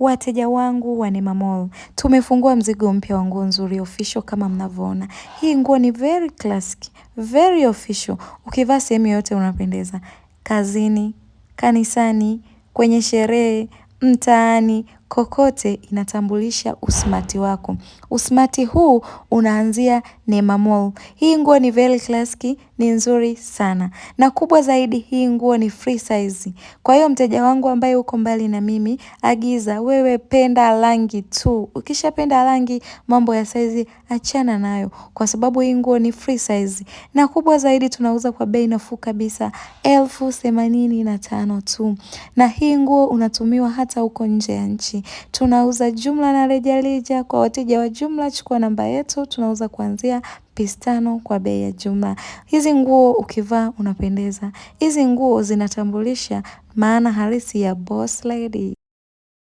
Wateja wangu wa Neema Mall, tumefungua mzigo mpya wa nguo nzuri official kama mnavyoona. Hii nguo ni very classic, very official. Ukivaa sehemu yoyote unapendeza. Kazini, kanisani, kwenye sherehe, mtaani, kokote inatambulisha usmati wako. Usmati huu unaanzia Neema Mall. Hii nguo ni very classy, ni nzuri sana. Na kubwa zaidi hii nguo ni free size. Kwa hiyo mteja wangu ambaye uko mbali na mimi, agiza wewe penda rangi tu. Ukishapenda rangi mambo ya size achana nayo kwa sababu hii nguo ni free size. Na kubwa zaidi tunauza kwa bei nafuu kabisa elfu themanini na tano tu. Na hii nguo unatumiwa hata huko nje ya nchi. Tunauza jumla na rejareja kwa wateja wa jumla. Chukua namba yetu, tunauza kuanzia pisi tano kwa bei ya jumla. Hizi nguo ukivaa unapendeza. Hizi nguo zinatambulisha maana halisi ya boss lady.